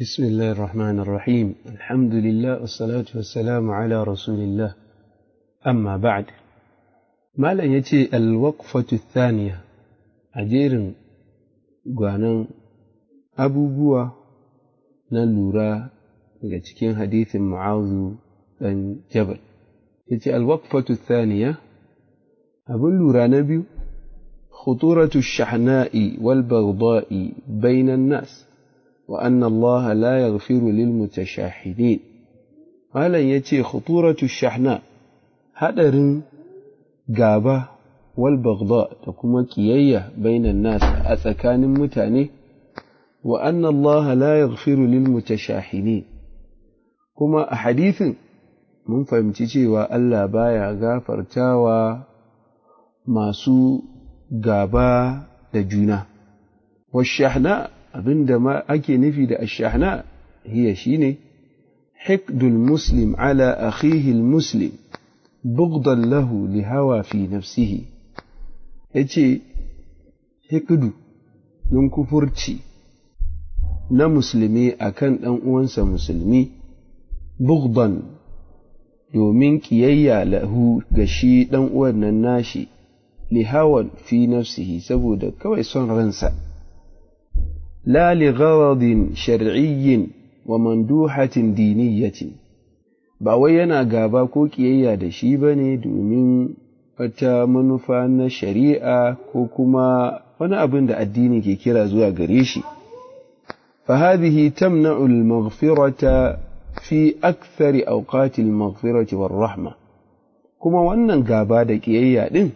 بسم الله الرحمن الرحيم الحمد لله والصلاة والسلام على رسول الله أما بعد ما لا يتي الوقفة الثانية أجير غانا أبو بوا نلورا لتكين حديث معاذ بن جبل يتي الوقفة الثانية أبو لورا نبي خطورة الشحناء والبغضاء بين الناس wa anna Allah la yaghfiru lil mutashahhidin malam yace khuturatu shahna hadarin gaba wal baghdha da kuma kiyayya bainan nas a tsakanin mutane wa anna Allah la yaghfiru lil mutashahhidin kuma a hadithin mun fahimci cewa Allah baya gafartawa masu gaba da juna shahna! abinda ma ake nufi da ashahna hiya shine hikdul muslim ala akhihi muslim bugdan lahu li hawa fi nafsihi yace hikdu don kufurci na musulmi akan ɗan uwansa musulmi bugdan domin ƙiyayya lahu ga shi ɗan uwan nan nashi lihawan fi nafsihi saboda kawai son ransa Lali لا لغرض شرعي ومندوحة ce. ba wai yana gaba ko ƙiyayya da shi ba ne domin wata manufa na shari'a ko kuma wani abin da addini ke kira zuwa gare shi Fa tam فهذه تمنع fi aksari أكثر أوقات المغفرة والرحمة Kuma wannan gaba da ƙiyayya din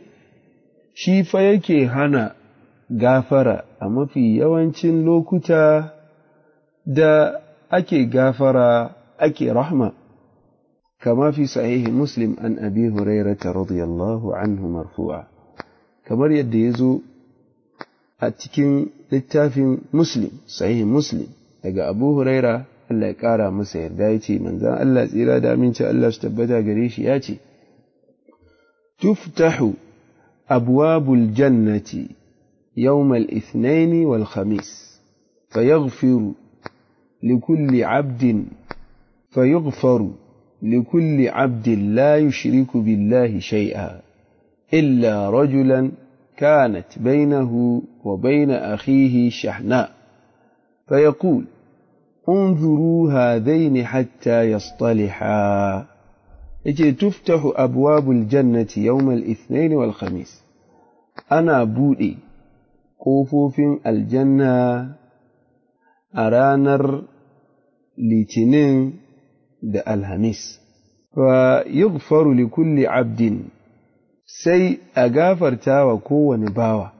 shi fa yake hana gafara a mafi yawancin lokuta da ake gafara ake rahma kama fi sahihi muslim an abi hurairata radiyallahu anhu marfuwa kamar yadda ya zo a cikin littafin muslim sahihi muslim daga abu huraira Allah ya ƙara masa yarda ya ce manzan Allah tsira da aminci Allah su tabbata gare shi ya ce tuftahu abuwabul jannati يوم الاثنين والخميس فيغفر لكل عبد فيغفر لكل عبد لا يشرك بالله شيئا إلا رجلا كانت بينه وبين أخيه شحناء فيقول انظروا هذين حتى يصطلحا يجي تفتح أبواب الجنة يوم الاثنين والخميس أنا بودي ƙofofin aljanna a ranar litinin da alhamis. Fa yughfaru li kulli abdin sai a gafarta wa kowane bawa,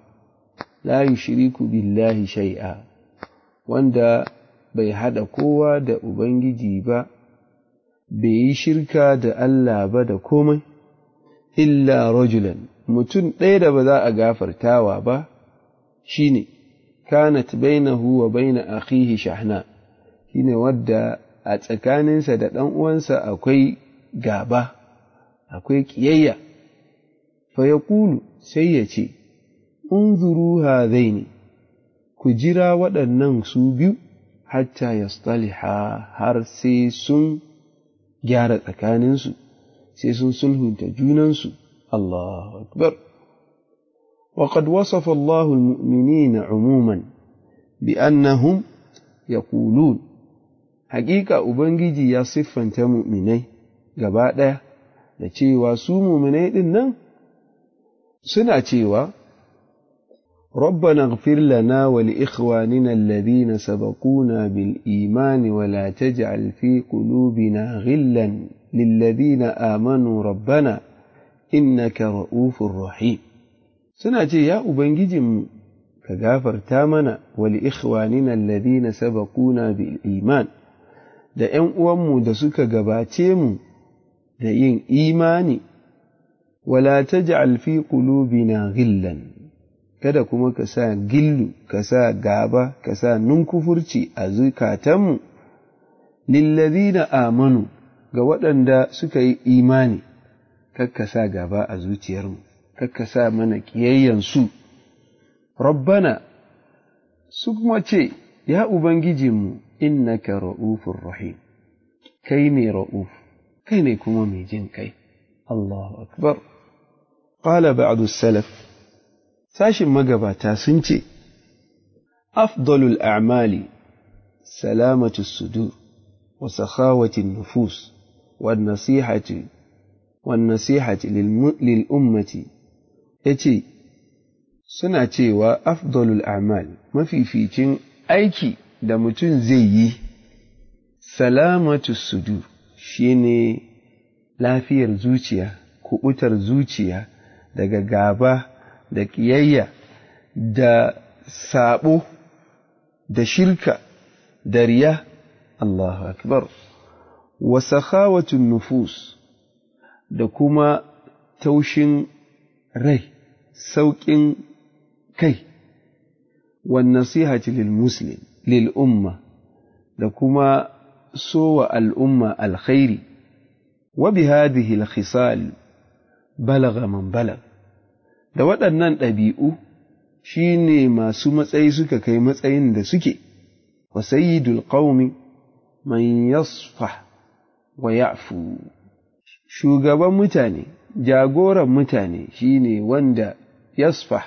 la shiriku, billahi shai'a, wanda bai haɗa kowa da Ubangiji ba, bai yi shirka da Allah ba da komai, illa rojulan mutum ɗaya da ba za a gafartawa ba, shine kanat bainahu wa baina akhihi shahna shine wadda a tsakaninsa da ɗan uwansa akwai gaba akwai ƙiyayya fa yaqulu sai ya ce unzuru hadaini ku jira waɗannan su biyu hatta yastaliha har sai sun gyara tsakaninsu sai sun sulhunta junansu Allahu akbar وقد وصف الله المؤمنين عموما بأنهم يقولون حقيقة أبنجي يا صفا مؤمني قبادة da سومو من muminai ɗin nan ربنا اغفر لنا ولإخواننا الذين سبقونا بالإيمان ولا تجعل في قلوبنا غلا للذين آمنوا ربنا إنك رؤوف رحيم suna ce ya ubangijinmu ka gafarta mana wal ikhwanina alladhina sabaquna bil iman da yan uwanmu da suka gabace mu da yin imani wala ta fi qulubina ghillan kada kuma ka sa gillu ka sa gaba ka sa nunkufurci a zukatanmu lillazina amanu ga waɗanda suka yi imani kakka sa gaba a zuciyarmu kakasa sa mana ƙiyayyansu. Rabbana, su kuma ce, Ya Ubangijinmu, innaka ra'ufin rahim, kai ne ra'uf, kai ne kuma mai jin kai, Allahu Akbar. Ƙala ba'adu salaf, sashin magabata sun ce, Afdalul a'mali, salamatu sudur, wa sakhawatin nufus, wa nasihati, wa nasihati lil ummati ya ce, Suna cewa afdalul amal mafificin aiki da mutum zai yi, salamatu sudu shi ne lafiyar zuciya, kuɓutar zuciya daga gaba da ƙiyayya da sabo da shirka da riya, Allahu Akbar, wa sakhawatun nufus da kuma taushin rai, sauƙin kai, wa nasihati muslim, lil umma, da kuma sowa al'umma alkhairi, wa bi al balaga man balag. Da waɗannan ɗabi'u shi ne masu matsayi suka kai matsayin da suke, wa sayyidul qaumi man yasfah wa ya'fu. Shugaban mutane jagoran mutane shi ne wanda yasfa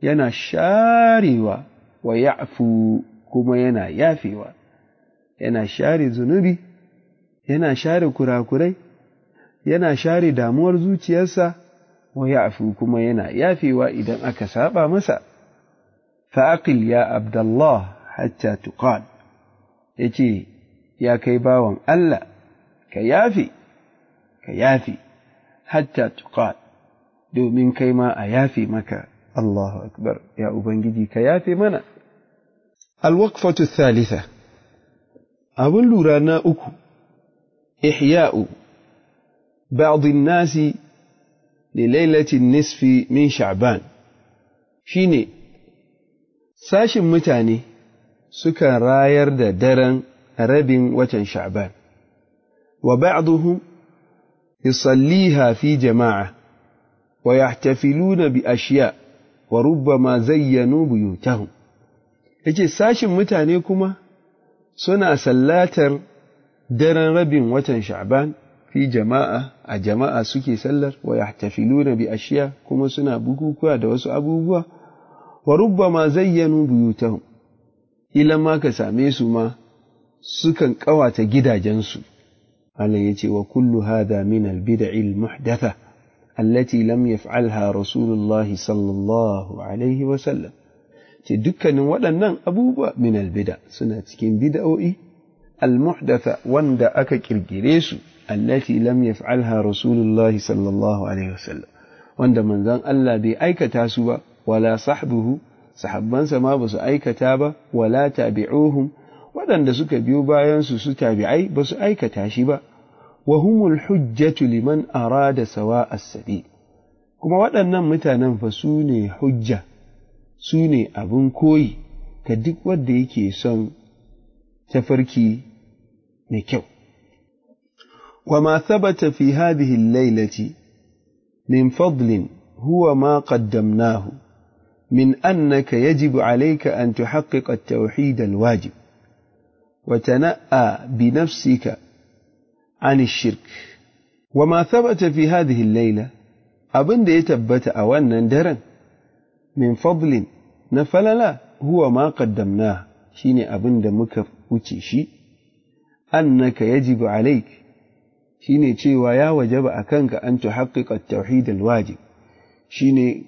yana sharewa wa ya'fu kuma yana yafewa yana share zunubi yana share kurakurai yana share damuwar zuciyarsa wa ya'fu kuma yana yafewa idan aka saba masa fa'aqil ya abdallah hatta tuqal yace ya kai bawan Allah ka yafe ka yafe hatta tuqal domin kai ma a yafe maka Allahu akbar ya ubangiji ka yafe mana alwaqfatu thalitha abun lura na uku ihya'u ba'd an-nas li lailati nisfi min sha'ban shine sashin mutane sukan rayar da daren rabin watan sha'ban wa ba'dhum يصليها في جماعة ويحتفلون بأشياء وربما زينوا بيوتهم yace sashin mutane kuma suna sallatar daren rabin watan sha'ban fi jama'a a jama'a suke sallar wa yahtafiluna bi ashiya kuma suna bukukuwa da wasu abubuwa wa rubbama zayyanu buyutahum ilan ma ka same su ma sukan kawata gidajensu malam yace wa kullu hada min albid'i almuhdatha allati lam yaf'alha rasulullah sallallahu alaihi wa sallam ce dukkanin waɗannan abubuwa min albida suna cikin bid'o'i almuhdatha wanda aka kirkire su allati lam yaf'alha rasulullah sallallahu alaihi wa sallam wanda manzon Allah bai aikata su ba wala sahbuhu sahabbansa ma ba su aikata ba wala tabi'uhum waɗanda suka biyo bayansu su tabi'ai ba su aikata shi ba wa humul hujjatu liman arada sawa as-sabi kuma waɗannan mutanen fa su ne hujja su ne abin koyi ga duk wanda yake son tafarki mai kyau وما ثبت في هذه الليلة من فضل هو ما قدمناه من أنك يجب عليك أن تحقق التوحيد الواجب وتنأى بنفسك عن الشرك وما ثبت في هذه الليلة أبن دي تبت أوان درن من فضل نفل لا هو ما قدمناه شيني أبن مكف وتشي أنك يجب عليك شيني تشي ويا وجب أكنك أن تحقق التوحيد الواجب شيني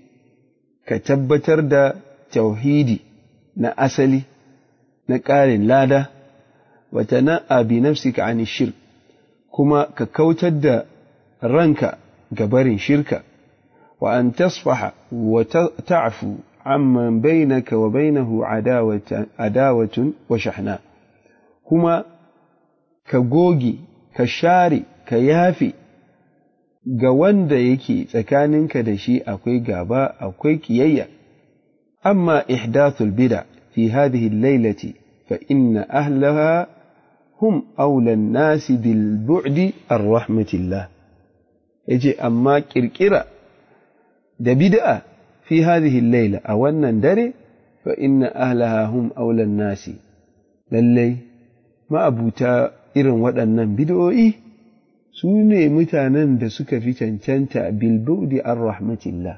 كتبتر دا توحيدي نأسلي na لا ده وتنأى بنفسك عن الشرك كما ككوتد رنك قبر شركة وأن تصفح وتعفو عمن بينك وبينه عداوة, عداوة وشحناء كما كغوغي كشاري كيافي ga wanda yake tsakaninka da shi akwai gaba akwai kiyayya amma ihdathul bida fi hadhihi al hum aulan nasi bil bu'di ar rahmatillah yace amma kirkira da bid'a fi hadhihi Layla, a wannan dare fa inna ahlaha hum aulan nasi lallai ma'abuta irin waɗannan bid'o'i su ne mutanen da suka fi cancanta bil bu'di ar rahmatillah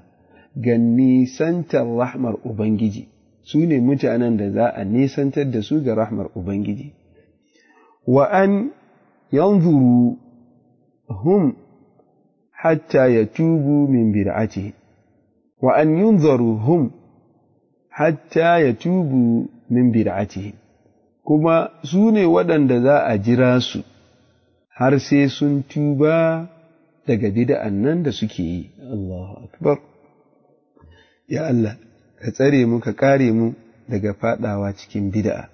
ga nisantar rahmar ubangiji su ne mutanen da za a nisantar da su ga rahmar ubangiji wa an yanzuru hum hatta yatubu min min bid'atihi kuma su ne waɗanda za a jira su har sai sun tuba daga bid'an nan da suke yi ya Allah ka tsare mu ka kare mu daga fadawa cikin bid'a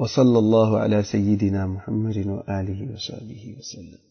وصلى الله على سيدنا محمد وآله وصحبه وسلم